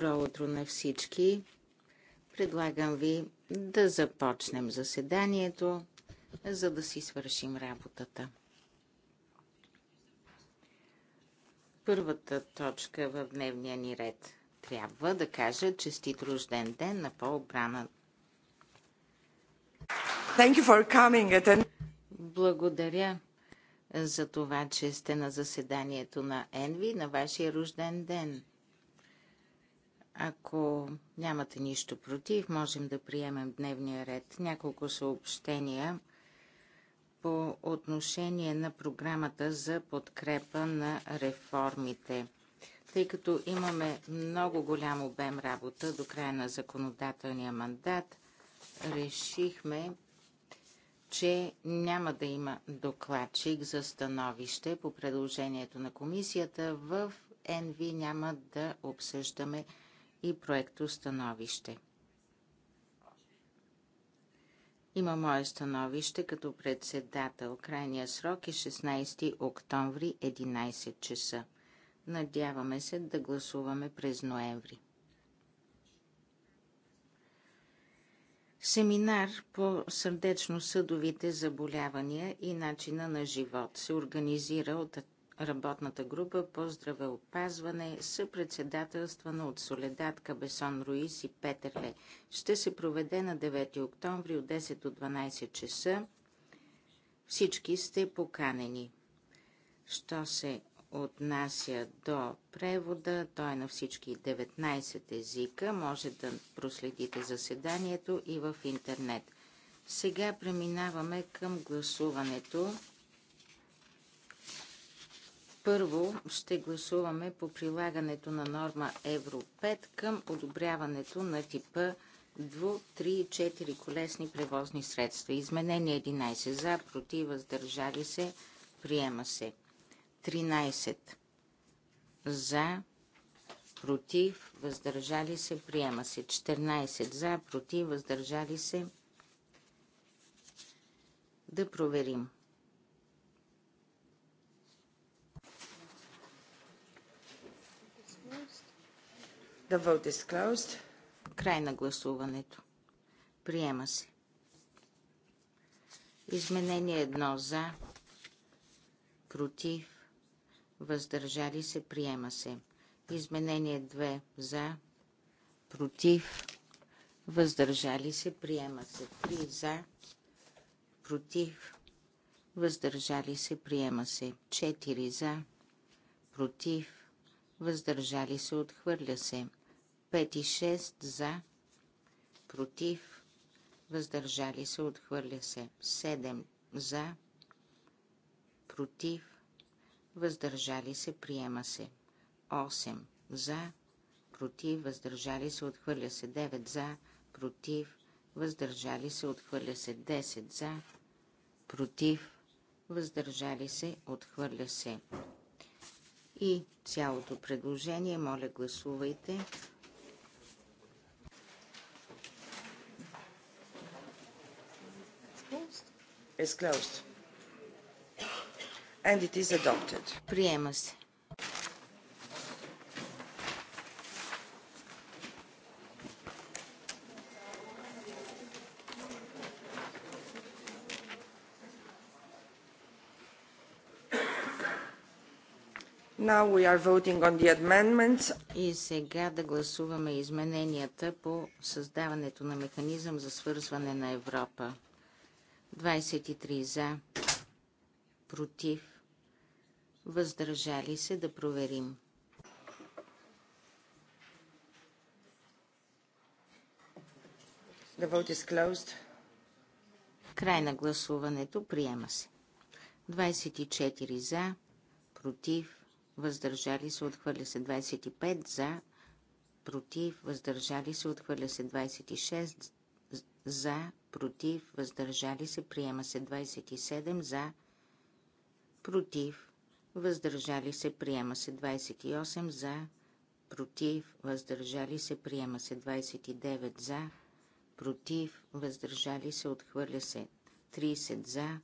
Добро утро на всички. Предлагам ви да започнем заседанието, за да си свършим работата. Първата точка в дневния ни ред. Трябва да кажа честит рожден ден на Пол Брана. Благодаря за това, че сте на заседанието на Енви на вашия рожден ден – ако нямате нищо против, можем да приемем дневния ред. Няколко съобщения по отношение на програмата за подкрепа на реформите. Тъй като имаме много голям обем работа до края на законодателния мандат, решихме, че няма да има докладчик за становище по предложението на комисията. В НВ няма да обсъждаме и проекто становище. Има мое становище като председател. Крайния срок е 16 октомври 11 часа. Надяваме се да гласуваме през ноември. Семинар по сърдечно-съдовите заболявания и начина на живот се организира от Работната група по здравеопазване съпредседателствана от Соледат Кабесон Руис и Петерле, ще се проведе на 9 октомври от 10 до 12 часа. Всички сте поканени. Що се отнася до превода, той е на всички 19 езика. Може да проследите заседанието и в интернет. Сега преминаваме към гласуването. Първо ще гласуваме по прилагането на норма Евро 5 към одобряването на типа 2, 3 4 колесни превозни средства. Изменение 11 за, против, въздържали се, приема се. 13 за, против, въздържали се, приема се. 14 за, против, въздържали се. Да проверим. The vote is closed. Край на гласуването. Приема се. Изменение едно за, против, въздържали се, приема се. Изменение 2 за, против, въздържали се, приема се. 3 за, против, въздържали се, приема се. 4 за, против, въздържали се, отхвърля се. 5 и 6 за, против, въздържали се, отхвърля се. 7 за, против, въздържали се, приема се. 8 за, против, въздържали се, отхвърля се. 9 за, против, въздържали се, отхвърля се. 10 за, против, въздържали се, отхвърля се. И цялото предложение, моля гласувайте. is closed. And it is adopted. Приема се. Now we are voting on the amendments. И сега да гласуваме измененията по създаването на механизъм за свързване на Европа. 23 за, против, въздържали се да проверим. The vote is closed. Край на гласуването приема се. 24 за, против, въздържали се, отхвърля се 25 за, против, въздържали се, отхвърля се 26 за, против, въздържали се, приема се 27 за, против, въздържали се, приема се 28 за, против, въздържали се, приема се 29 за, против, въздържали се, отхвърля се 30 за,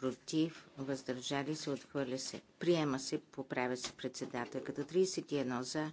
против, въздържали се, отхвърля се. Приема се, поправя се председателката 31 за,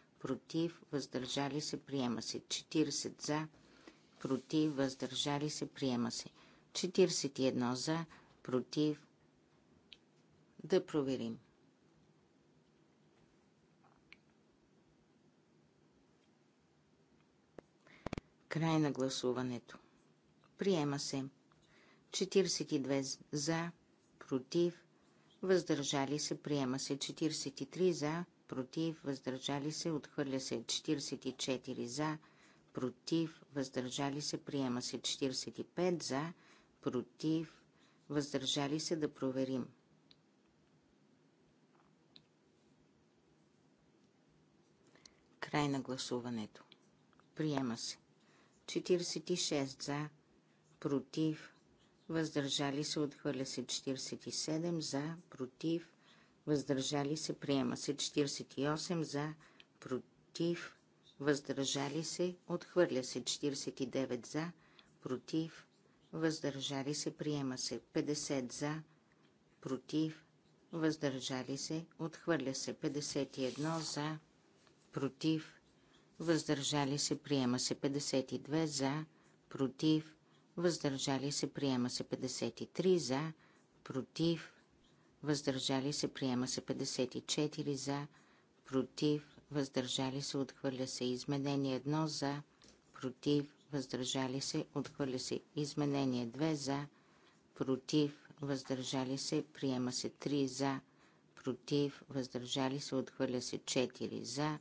против, въздържали се, приема се. 40 за, против, въздържали се, приема се. 41 за, против. Да проверим. Край на гласуването. Приема се. 42 за, против, въздържали се, приема се. 43 за, против, въздържали се, отхвърля се 44 за, против, въздържали се, приема се 45 за, против, въздържали се да проверим. Край на гласуването. Приема се. 46 за, против, въздържали се, отхвърля се 47 за, против, въздържали се, приема се. 48 за, против, въздържали се, отхвърля се. 49 за, против, въздържали се, приема се. 50 за, против, въздържали се, отхвърля се. 51 за, против, въздържали се, приема се. 52 за, против, въздържали се, приема се. 53 за, против, въздържали се, приема се 54 за, против, въздържали се, отхвърля се. Изменение 1 за, против, въздържали се, отхвърля се. Изменение 2 за, против, въздържали се, приема се 3 за, против, въздържали се, отхвърля се 4 за,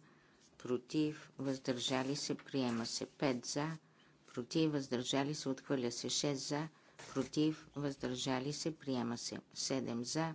против, въздържали се, приема се 5 за, против, въздържали се, отхвърля се 6 за, против, въздържали се, приема се 7 за,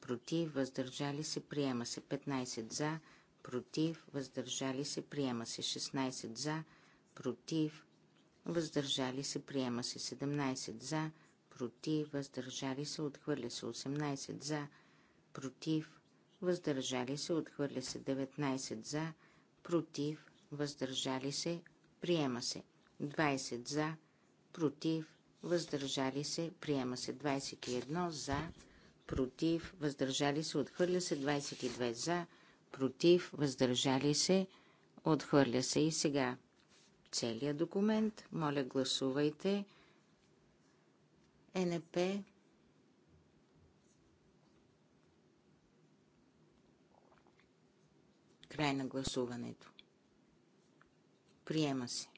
против, въздържали се, приема се 15 за, против, въздържали се, приема се 16 за, против, въздържали се, приема се 17 за, против, въздържали се, отхвърля се 18 за, против, въздържали се, отхвърля се 19 за, против, въздържали се, приема се 20 за, против, въздържали се, приема се 21 за, против, въздържали се, отхвърля се, 22 за, против, въздържали се, отхвърля се и сега. Целият документ, моля гласувайте. Е НП Край на гласуването. Приема се.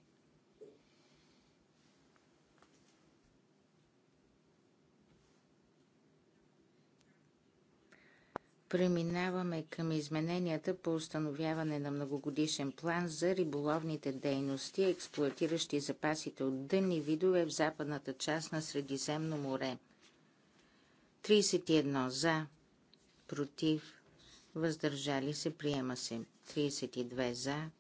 Преминаваме към измененията по установяване на многогодишен план за риболовните дейности, експлуатиращи запасите от дънни видове в западната част на Средиземно море. 31 за, против, въздържали се, приема се. 32 за,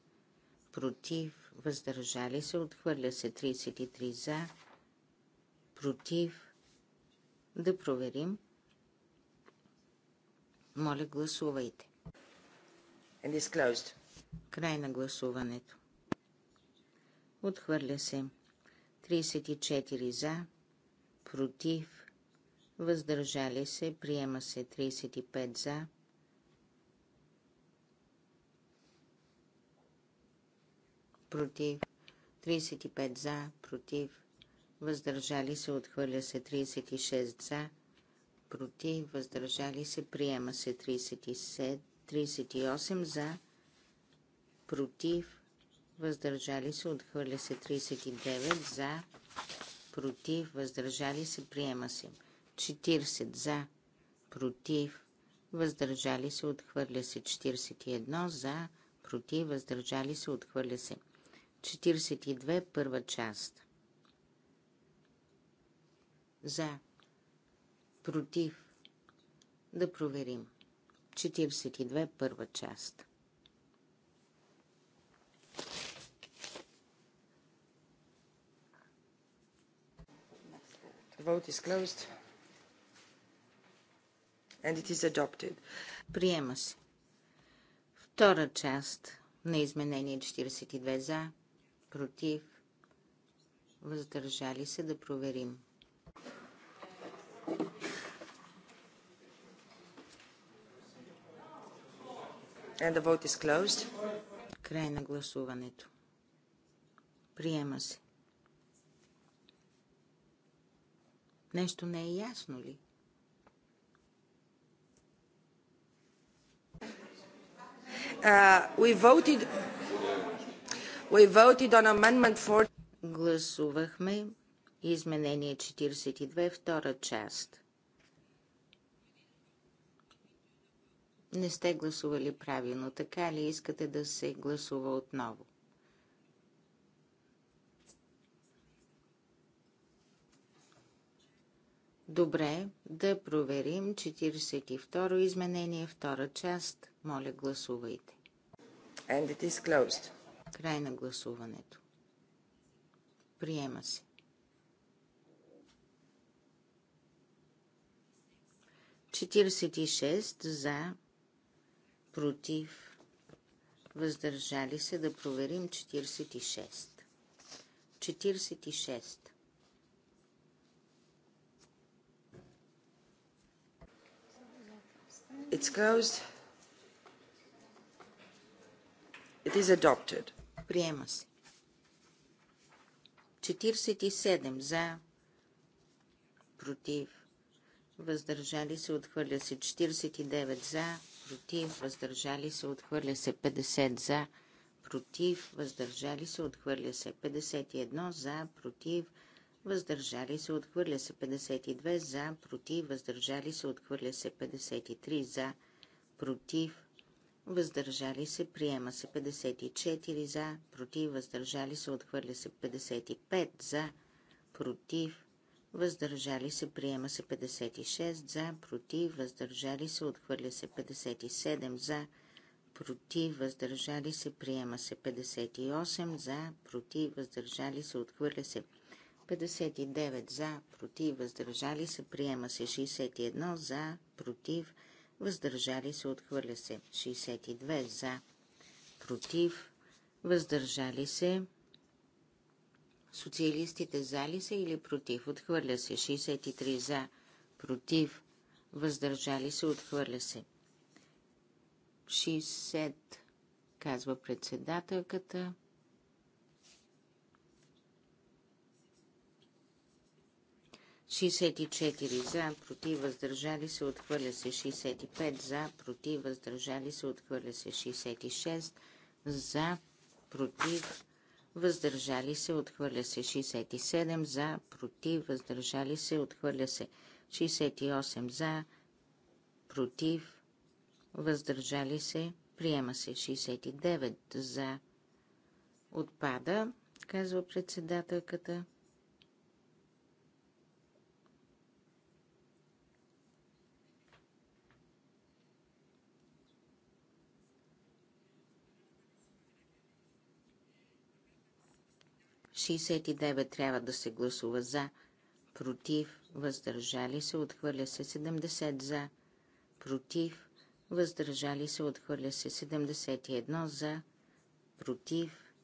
против, въздържали се, отхвърля се. 33 за, против, да проверим. 33 моля, гласувайте. And is closed. Край на гласуването. Отхвърля се. 34 за, против, въздържали се, приема се 35 за. Против, 35 за, против, въздържали се, отхвърля се 36 за против, въздържали се, приема се 37, 38 за, против, въздържали се, отхвърля се 39 за, против, въздържали се, приема се 40 за, против, въздържали се, отхвърля се 41 за, против, въздържали се, отхвърля се 42 първа част за, против. Да проверим. 42 първа част. vote is closed. And it is adopted. Приема се. Втора част на изменение 42 за, против, въздържали се да проверим. 42. And the vote is closed. Край на гласуването. Приема се. Нещо не е ясно ли? Uh, we voted, we voted on amendment Гласувахме изменение 42, втора част. Не сте гласували правилно, така ли искате да се гласува отново? Добре, да проверим 42-ро изменение, втора част. Моля, гласувайте. And it is closed. Край на гласуването. Приема се. 46 за против, въздържали се да проверим 46. 46. It's closed. It is adopted. Приема се. 47 за, против, въздържали се, отхвърля се. 49 за, против, въздържали се, отхвърля се 50 за, против, въздържали се, отхвърля се 51 за, против, въздържали се, отхвърля се 52 за, против, въздържали се, отхвърля се 53 за, против, въздържали се, приема се 54 за, против, въздържали се, отхвърля се 55 за, против, въздържали се, приема се 56 за, против, въздържали се, отхвърля се 57 за, против, въздържали се, приема се 58 за, против, въздържали се, отхвърля се 59 за, против, въздържали се, приема се 61 за, против, въздържали се, отхвърля се 62 за, против, въздържали се, Социалистите за ли са или против? Отхвърля се. 63 за. Против. Въздържали се. Отхвърля се. 60, казва председателката. Шестдесет и четири за, против, въздържали се, отхвърля се. 65 за, против, въздържали се, отхвърля се. 66 за, против, въздържали се, отхвърля се 67 за, против, въздържали се, отхвърля се 68 за, против, въздържали се, приема се 69 за. Отпада, казва председателката. 69 трябва да се гласува за, против, въздържали се, отхвърля се 70 за, против, въздържали се, отхвърля се 71 за, против,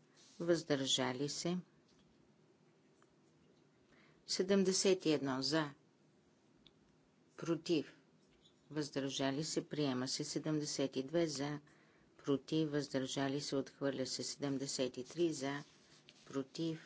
въздържали се 71 за, против, въздържали се, приема се 72 за, против, въздържали се, отхвърля се 73 за, против,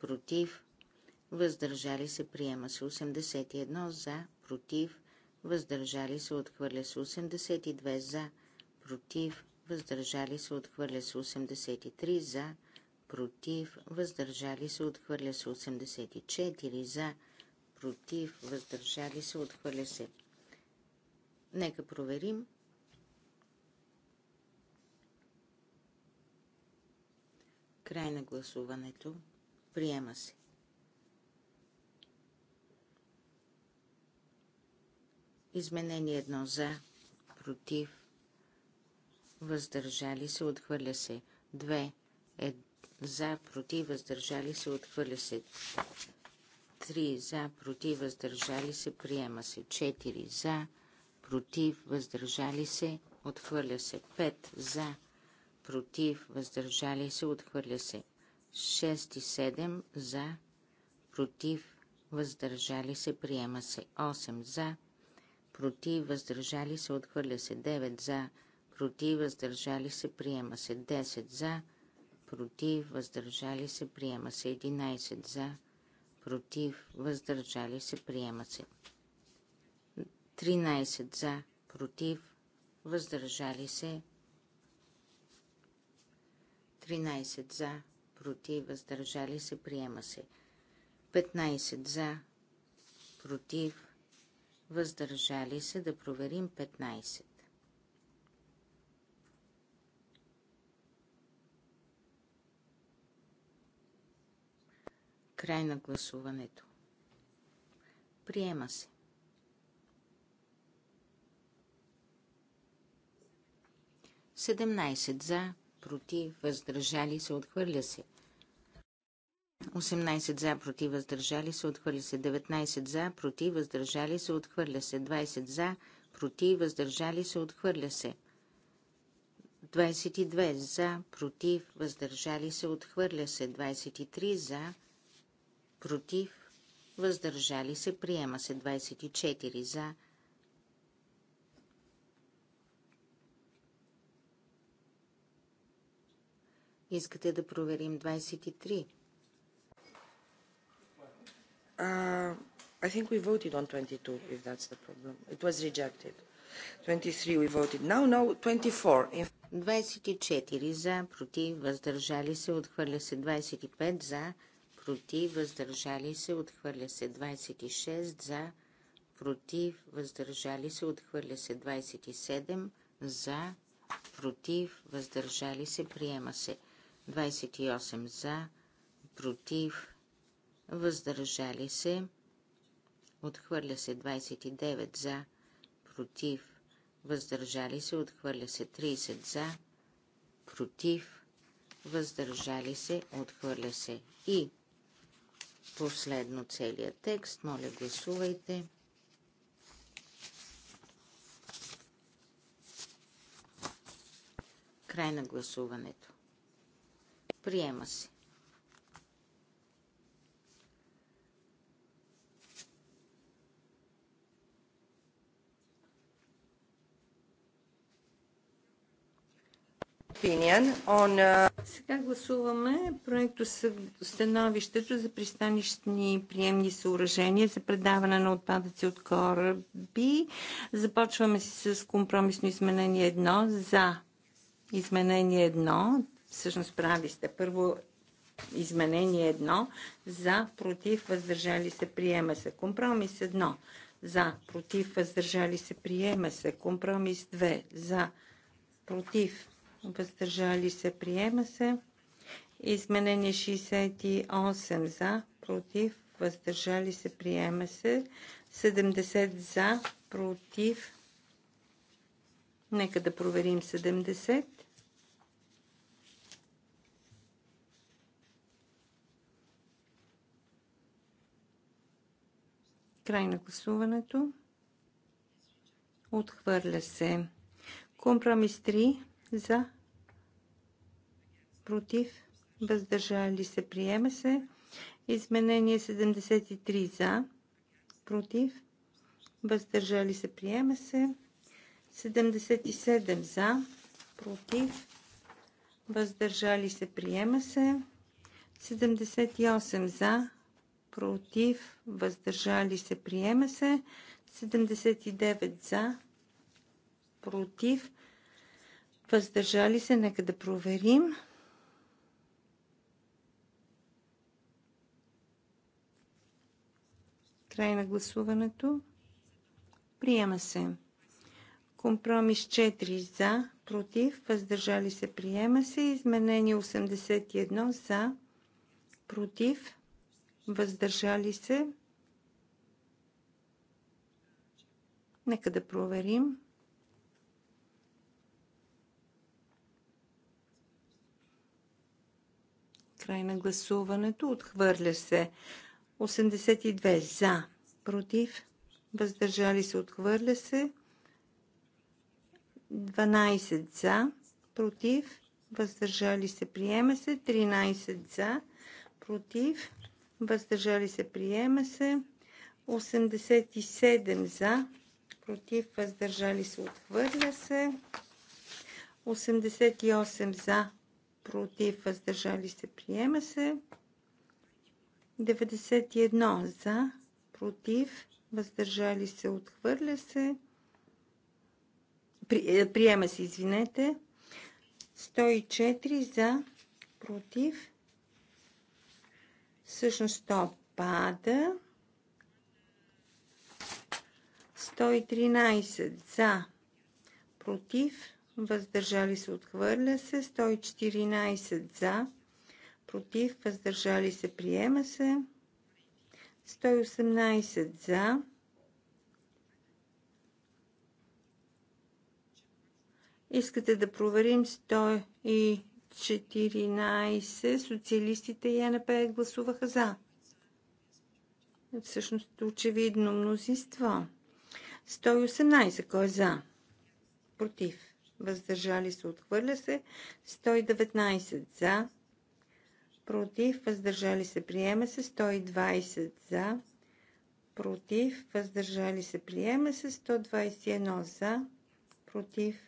против, въздържали се, приема се 81 за, против, въздържали се, отхвърля се 82 за, против, въздържали се, отхвърля се 83 за, против, въздържали се, отхвърля се 84 за, против, въздържали се, отхвърля се. Нека проверим. Край на гласуването. Приема се. Изменение едно за, против, въздържали се, отхвърля се. Две е за, против, въздържали се, отхвърля се. Три за, против, въздържали се, приема се. Четири за, против, въздържали се, отхвърля се. Пет за, против, въздържали се, отхвърля се. 6 и 7 за, против, въздържали се, приема се 8 за, против, въздържали се, отхвърля се 9 за, против, въздържали се, приема се 10 за, против, въздържали се, приема се 11 за, против, въздържали се, приема се 13 за, против, въздържали се, 13 за, против, въздържали се, приема се. 15 за, против, въздържали се, да проверим 15. Край на гласуването. Приема се. Седемнайсет за, против, въздържали се, отхвърля се. 18 за, против, въздържали се, отхвърля се. 19 за, против, въздържали се, отхвърля се. 20 за, против, въздържали се, отхвърля се. 22 за, против, въздържали се, отхвърля се. 23 за, против, въздържали се, приема се. 24 за, Искате да проверим 23? Uh, I think we voted on 22, if that's the problem. It was rejected. 23 we voted. Now, now 24. In... 24 за, против, въздържали се, отхвърля се 25 за, против, въздържали се, отхвърля се 26 за, против, въздържали се, отхвърля се 27 за, против, въздържали се, приема се 28 за, против, въздържали се, отхвърля се 29 за, против, въздържали се, отхвърля се 30 за, против, въздържали се, отхвърля се и последно целият текст. Моля, гласувайте. Край на гласуването. Приема се. on... Uh, Сега гласуваме проекто становището за пристанищни приемни съоръжения за предаване на отпадъци от кораби. Започваме си с компромисно изменение 1 за изменение 1. Всъщност прави сте. Първо изменение 1 за, против, въздържали се, приема се. Компромис 1 за, против, въздържали се, приема се. Компромис 2 за, против, въздържали се, приема се. Изменение 68 за, против, въздържали се, приема се. 70 за, против. Нека да проверим 70. Край на гласуването. Отхвърля се. Компромис 3 за, против, въздържали се, приема се. Изменение 73 за, против, въздържали се, приема се. 77 за, против, въздържали се, приема се. 78 за, против, въздържали се, приема се. 79 за, против, Въздържали се, нека да проверим. Край на гласуването. Приема се. Компромис 4 за, против, въздържали се, приема се. Изменение 81 за, против, въздържали се. Нека да проверим. Край на гласуването. Отхвърля се. 82 за. Против. Въздържали се. Отхвърля се. 12 за. Против. Въздържали се. Приема се. 13 за. Против. Въздържали се. Приема се. 87 за. Против. Въздържали се. Отхвърля се. 88 за против, въздържали се, приема се. 91 за, против, въздържали се, отхвърля се. При, е, приема се, извинете. 104 за, против. Всъщност то пада. 113 за, против въздържали се, отхвърля се. 114 за, против, въздържали се, приема се. 118 за. Искате да проверим 114. Социалистите и НП гласуваха за. Всъщност очевидно мнозинство. 118. Кой е за? Против въздържали се, отхвърля се. 119 за, против, въздържали се, приема се. 120 за, против, въздържали се, приема се. 121 за, против,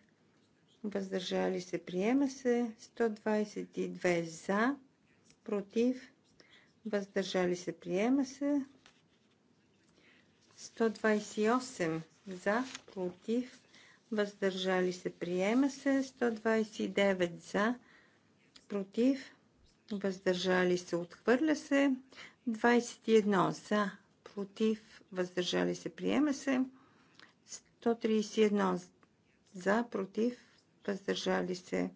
въздържали се, приема се. 122 за, против, въздържали се, приема се. 128 за, против, въздържали се, приема се. 129 за, против, въздържали се, отхвърля се. 21 за, против, въздържали се, приема се. 131 за, против, въздържали се.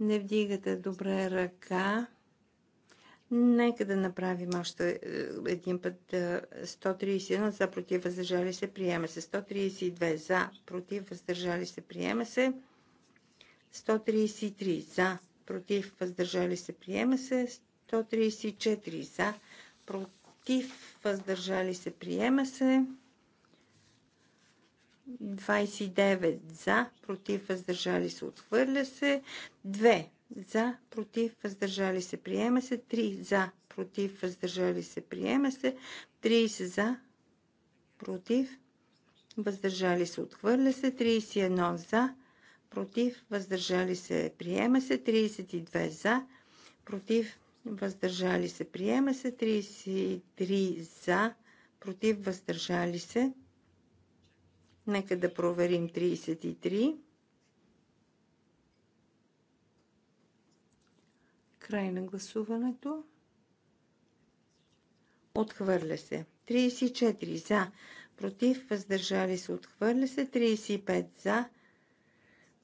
Не вдигате добре ръка. Нека да направим още е, един път 131 е, за против въздържали се, приема се. 132 за против въздържали се, приема се. 133 за против въздържали се, приема се. 134 за против въздържали се, приема се. 29 за против въздържали се, отхвърля се. 2 за, против, въздържали се, приема се. 3 за, против, въздържали се, приема се. 30 за, против, въздържали се, отхвърля се. 31 за, против, въздържали се, приема се. 32 за, против, въздържали се, приема се. 33 за, против, въздържали се. Нека да проверим 33. Край на гласуването. Отхвърля се. 34 за. Против. Въздържали се. Отхвърля се. 35 за.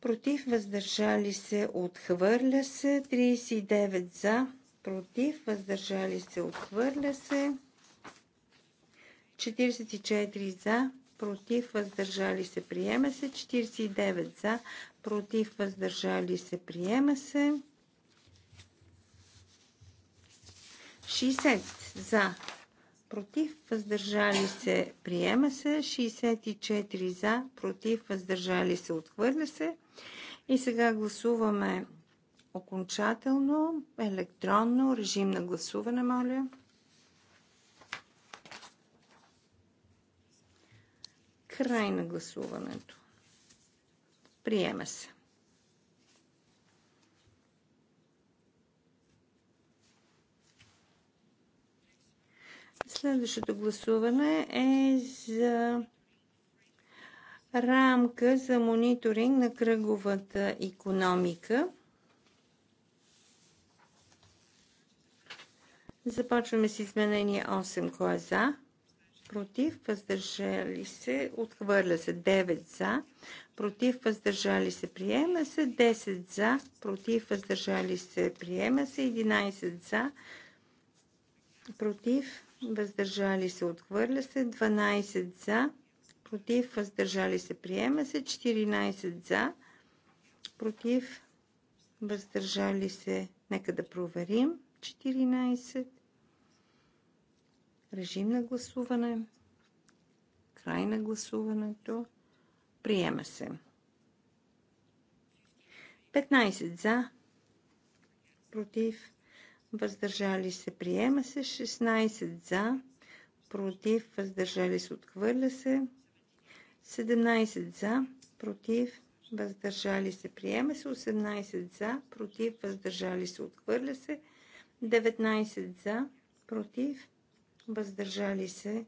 Против. Въздържали се. Отхвърля се. 39 за. Против. Въздържали се. Отхвърля се. 44 за против, въздържали се, приема се. 49 за, против, въздържали се, приема се. 60 за, против, въздържали се, приема се. 64 за, против, въздържали се, отхвърля се. И сега гласуваме окончателно, електронно, режим на гласуване, моля. Край на гласуването. Приема се. Следващото гласуване е за рамка за мониторинг на кръговата економика. Започваме с изменение 8 кой е за, против, въздържали се, отхвърля се 9 за, против, въздържали се, приема се 10 за, против, въздържали се, приема се 11 за, против, въздържали се, отхвърля се, 12 за, против, въздържали се, приема се, 14 за, против, въздържали се, нека да проверим, 14, режим на гласуване, край на гласуването, приема се. 15 за, против, въздържали се, приема се. 16 за, против, въздържали се, отхвърля се. 17 за, против, въздържали се, приема се. 18 за, против, въздържали се, отхвърля се. 19 за, против, въздържали се.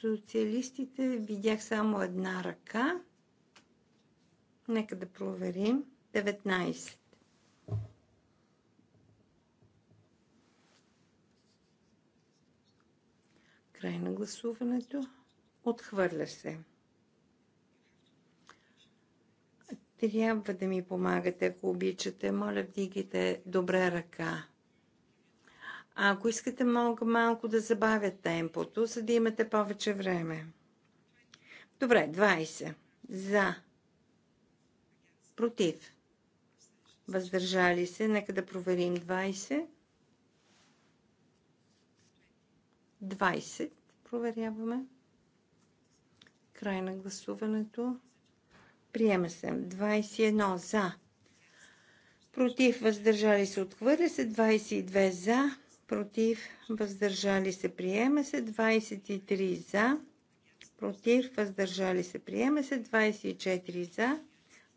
Социалистите видях само една ръка. Нека да проверим. 19. Край на гласуването. Отхвърля се. Трябва да ми помагате, ако обичате. Моля, вдигайте добре ръка. А ако искате, мога малко да забавя темпото, за да имате повече време. Добре, 20. За. Против въздържали се. Нека да проверим 20. 20 проверяваме. Край на гласуването. Приема се. 21 за. Против въздържали се отхвърля се. 22 за. Против въздържали се приема се. 23 за. Против въздържали се приема се. 24 за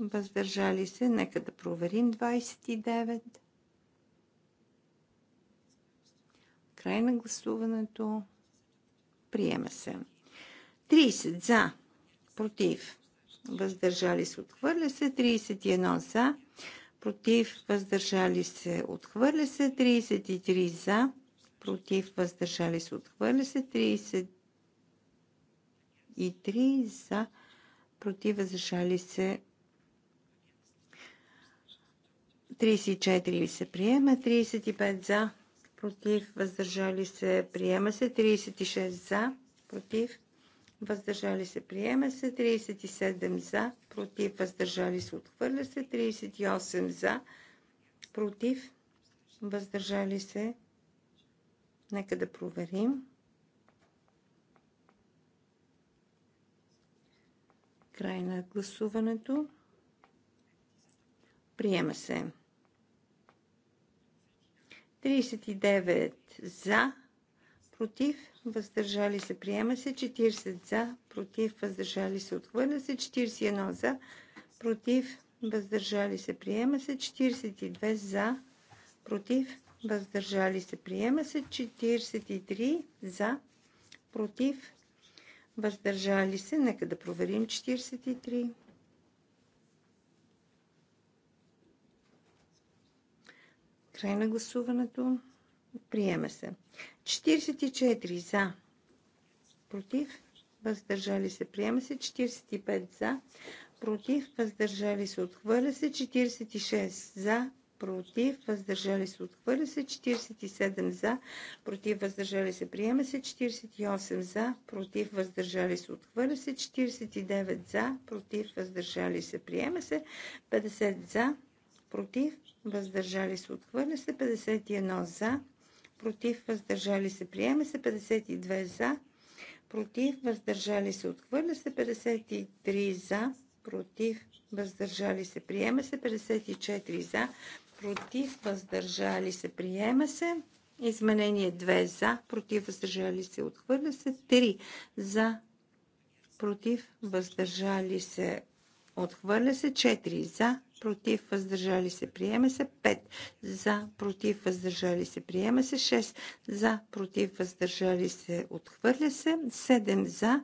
въздържали се. Нека да проверим 29. Край на гласуването. Приема се. 30 за, против, въздържали се, отхвърля се. 31 за, против, въздържали се, отхвърля се. 33 за, против, въздържали се, отхвърля се. 33 за, против, въздържали се, 34 се приема, 35 за, против, въздържали се, приема се, 36 за, против, въздържали се, приема се, 37 за, против, въздържали се, отхвърля се, 38 за, против, въздържали се. Нека да проверим. Край на гласуването. Приема се. 39 за, против, въздържали се, приема се. 40 за, против, въздържали се, отхвърля се. 41 за, против, въздържали се, приема се. 42 за, против, въздържали се, приема се. 43 за, против, въздържали се. Нека да проверим 43. Край на гласуването. Приема се. 44 за. Против. Въздържали се. Приема се. 45 за. Против. Въздържали се. Отхвърля се. 46 за против, въздържали се, отхвърля се, 47 за, против, въздържали се, приема се, 48 за, против, въздържали се, отхвърля се, 49 за, против, въздържали се, приема се, 50 за, против, въздържали се, отхвърля се 51 за, против, въздържали се, приема се 52 за, против, въздържали се, отхвърля се 53 за, против, въздържали се, приема се 54 за, против, въздържали се, приема се. Изменение 2 за, против, въздържали се, отхвърля се. 3 за, против, въздържали се, отхвърля се. 4 за, против, въздържали се, приема се 5. За, против, въздържали се, приема се 6. За, против, въздържали се, отхвърля се 7. За,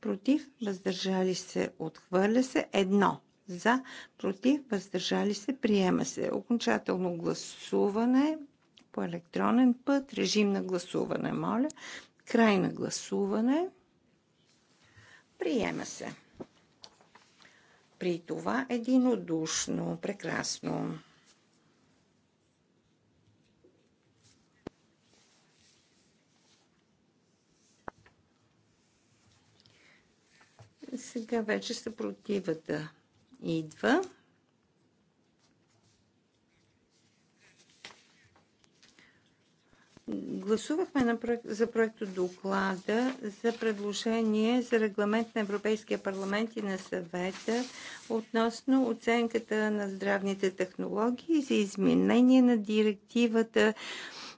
против, въздържали се, отхвърля се 1. За, против, въздържали се, приема се. Окончателно гласуване по електронен път. Режим на гласуване, моля. Край на гласуване. Приема се. При това единодушно, прекрасно. Сега вече съпротивата идва. Гласувахме на проект, за проекто доклада за предложение за регламент на Европейския парламент и на съвета относно оценката на здравните технологии за изменение на директивата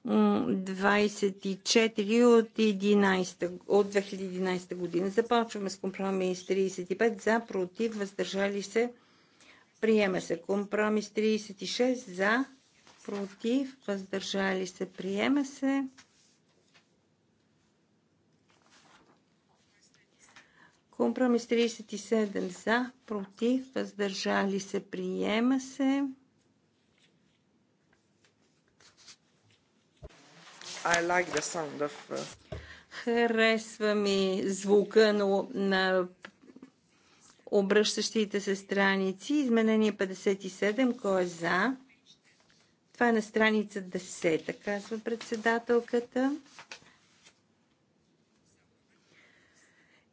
24 от, 11, от 2011 година. Започваме с компромис 35 за, против, въздържали се. Приема се компромис 36 за, против, въздържали се, приема се. Компромис 37 за, против, въздържали се, приема се. I like the sound of... Uh, Харесва ми звука на, на обръщащите се страници. Изменение 57, кой е за? Това е на страница 10, казва председателката.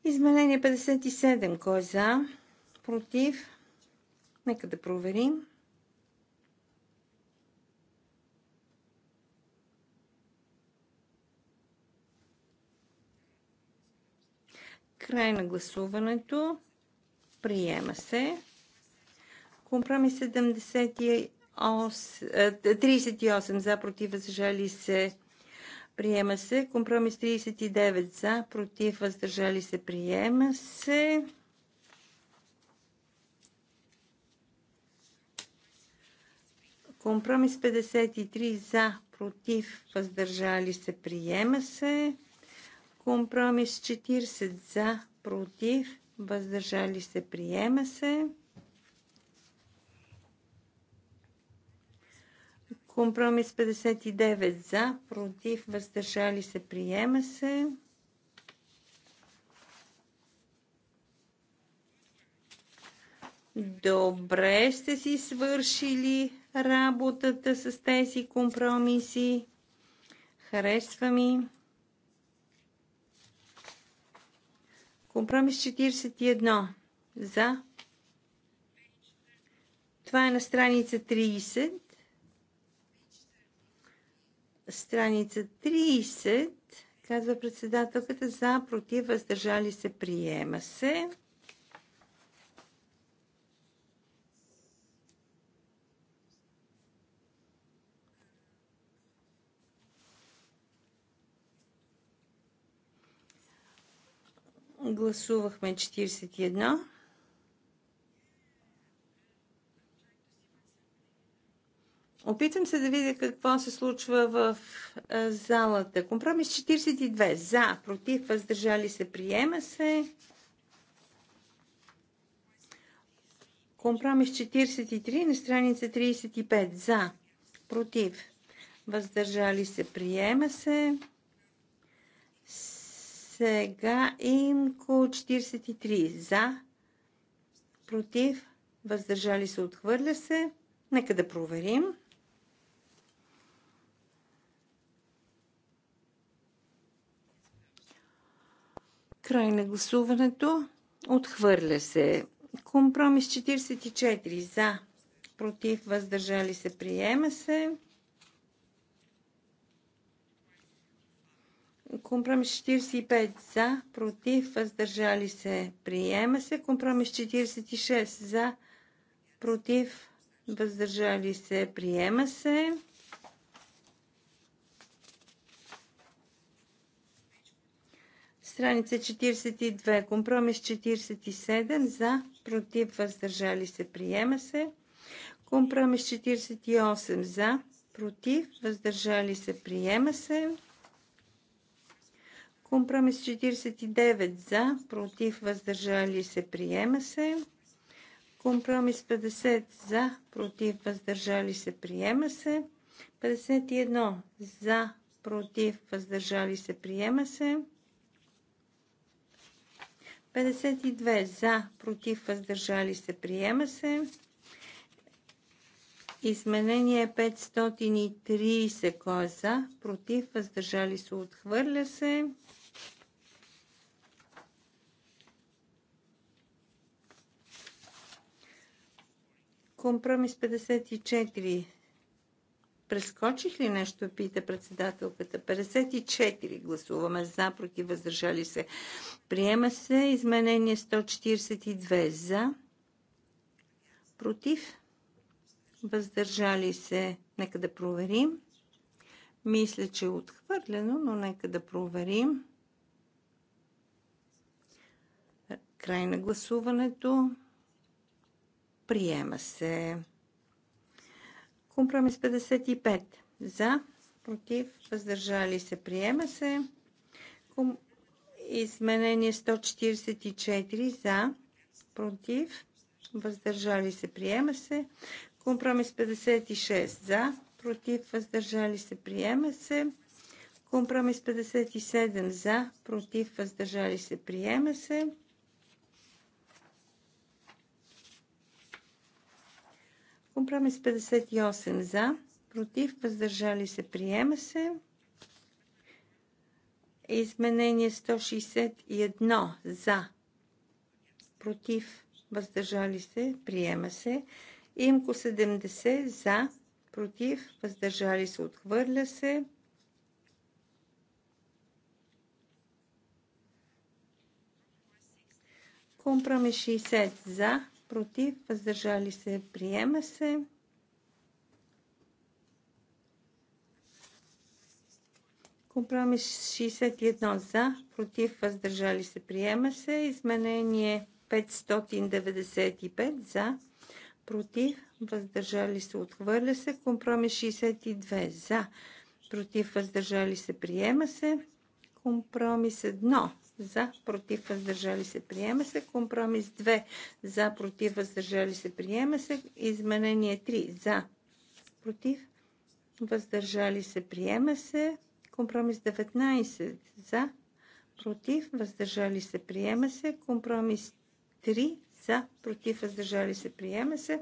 Изменение 57. Кой е за? Против? Нека да проверим. Край на гласуването. Приема се. Компромис 38 е, за, против, въздържали се, приема се. Компромис 39 за, против, въздържали се, приема се. Компромис 53 за, против, въздържали се, приема се. Компромис 40 за, против, въздържали се, приема се. Компромис 59 за, против, въздържали се, приема се. Добре сте си свършили работата с тези компромиси. Харесва ми. Компромис 41. За. Това е на страница 30 страница 30, казва председателката, за, против, въздържали се, приема се. Гласувахме 41. Опитвам се да видя какво се случва в е, залата. Компромис 42. За, против, въздържали се, приема се. Компромис 43 на страница 35. За, против, въздържали се, приема се. Сега имко 43. За, против, въздържали се, отхвърля се. Нека да проверим. Край на гласуването. Отхвърля се. Компромис 44 за. Против въздържали се. Приема се. Компромис 45 за, против, въздържали се, приема се. Компромис 46 за, против, въздържали се, приема се. Страница 42. Компромис 47 за, против, въздържали се, приема се. Компромис 48 за, против, въздържали се, приема се. Компромис 49 за, против, въздържали се, приема се. Компромис 50 за, против, въздържали се, приема се. 51 за, против, въздържали се, приема се. 52 за, против, въздържали се, приема се. Изменение 530 кой е за, против, въздържали се, отхвърля се. Компромис 54 Прескочих ли нещо, пита председателката. 54 гласуваме за, против, въздържали се. Приема се изменение 142 за, против, въздържали се. Нека да проверим. Мисля, че е отхвърлено, но нека да проверим. Край на гласуването. Приема се. Компромис 55 за, против, въздържали се, приема се. Ком... Изменение 144 за, против, въздържали се, приема се. Компромис 56 за, против, въздържали се, приема се. Компромис 57 за, против, въздържали се, приема се. Компромис 58 за, против, въздържали се, приема се. Изменение 161 за, против, въздържали се, приема се. Имко 70 за, против, въздържали се, отхвърля се. Компромис 60 за, против, въздържали се, приема се. Компромис 61 за, против, въздържали се, приема се. Изменение 595 за, против, въздържали се, отхвърля се. Компромис 62 за, против, въздържали се, приема се. Компромис 1 за, против, въздържали се, приема се. Компромис 2 за, против, въздържали се, приема се. Изменение 3 за, против, въздържали се, приема се. Компромис 19 за, против, въздържали се, приема се. Компромис 3 за, против, въздържали се, приема се.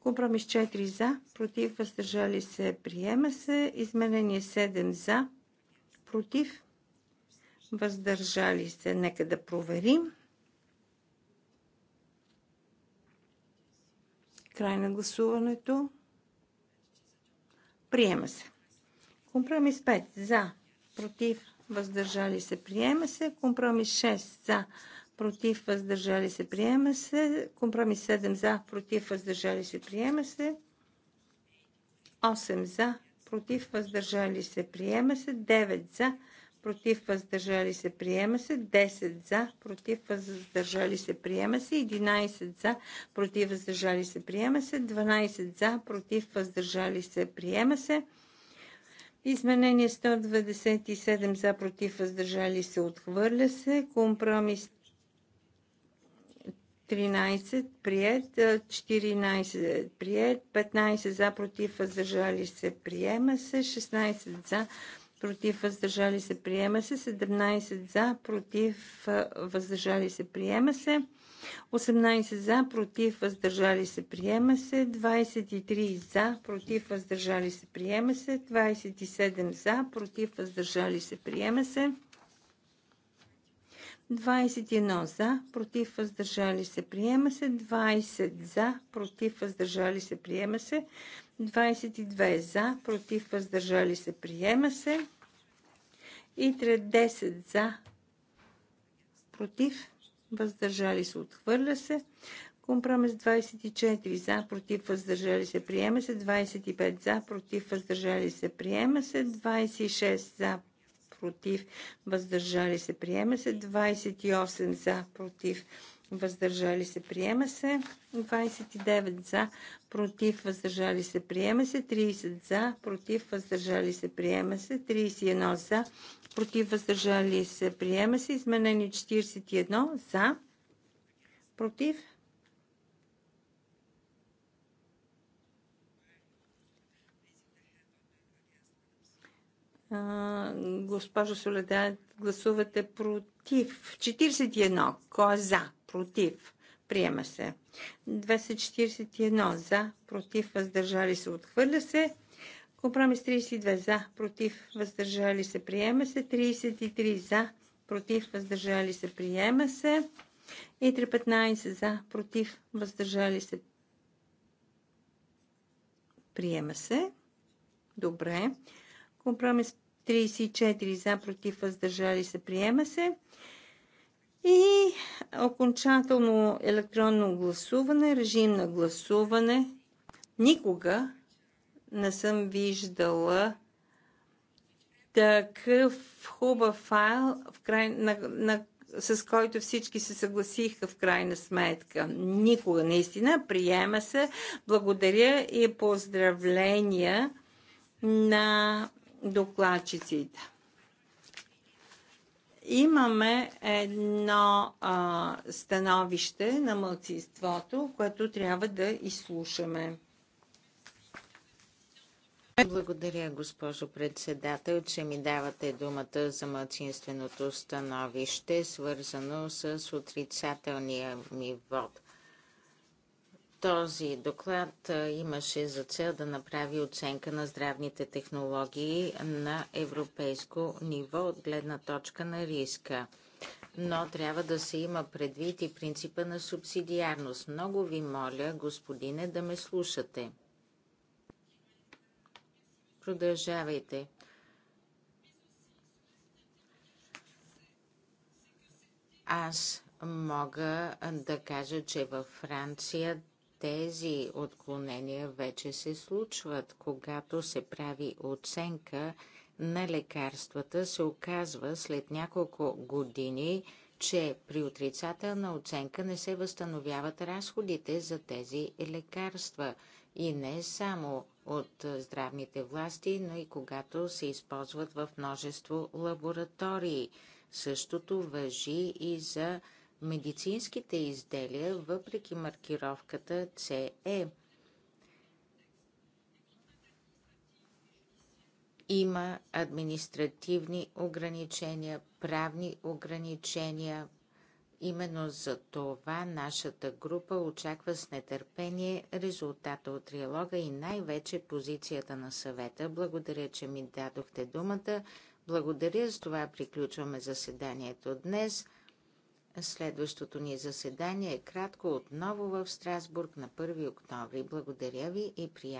Компромис 4 за, против, въздържали се, приема се. Изменение 7 за, против, въздържали се. Нека да проверим. Край на гласуването. Приема се. Компромис 5 за, против, въздържали се, приема се. Компромис 6 за, против, въздържали се, приема се. Компромис 7 за, против, въздържали се, приема се. 8 за, против, въздържали се, приема се. 9 за, против въздържали се, приема се. 10 за, против въздържали се, приема се. 11 за, против въздържали се, приема се. 12 за, против въздържали се, приема се. Изменение 197 за, против въздържали се, отхвърля се. Компромис 13 прият, 14 прият, 15 за, против въздържали се, приема се. 16 за, против въздържали се, приема се. 17 за, против въздържали се, приема се. 18 за, против въздържали се, приема се. 23 за, против въздържали се, приема се. 27 за, против въздържали се, приема се. 21 за, против въздържали се, приема се. 20 за, против въздържали се, приема се. 22 за, против, въздържали се, приема се. И 10 за, против, въздържали се, отхвърля се. Компромис 24 за, против, въздържали се, приема се. 25 за, против, въздържали се, приема се. 26 за, против, въздържали се, приема се. 28 за, против, въздържали се въздържали се, приема се. 29 за, против, въздържали се, приема се. 30 за, против, въздържали се, приема се. 31 за, против, въздържали се, приема се. Изменени 41 за, против. А, госпожо Соледа, гласувате против. 41. Кой е за? против, приема се. 241 за, против, въздържали се, отхвърля се. Компромис 32 за, против, въздържали се, приема се. 33 за, против, въздържали се, приема се. И 315 за, против, въздържали се, приема се. Добре. Компромис 34 за, против, въздържали се, приема се. И окончателно електронно гласуване, режим на гласуване. Никога не съм виждала такъв хубав файл, в край, на, на, с който всички се съгласиха в крайна сметка. Никога, наистина, приема се. Благодаря и поздравления на докладчиците. Имаме едно а, становище на мълцинството, което трябва да изслушаме. Благодаря, госпожо председател, че ми давате думата за мълцинственото становище, свързано с отрицателния ми вод. Този доклад имаше за цел да направи оценка на здравните технологии на европейско ниво от гледна точка на риска. Но трябва да се има предвид и принципа на субсидиарност. Много ви моля, господине, да ме слушате. Продължавайте. Аз мога да кажа, че във Франция тези отклонения вече се случват. Когато се прави оценка на лекарствата, се оказва след няколко години, че при отрицателна оценка не се възстановяват разходите за тези лекарства. И не само от здравните власти, но и когато се използват в множество лаборатории. Същото въжи и за медицинските изделия, въпреки маркировката CE. Е. Има административни ограничения, правни ограничения. Именно за това нашата група очаква с нетърпение резултата от триалога и най-вече позицията на съвета. Благодаря, че ми дадохте думата. Благодаря, с това приключваме заседанието днес. Следващото ни заседание е кратко отново в Страсбург на 1 октомври. Благодаря ви и приятно.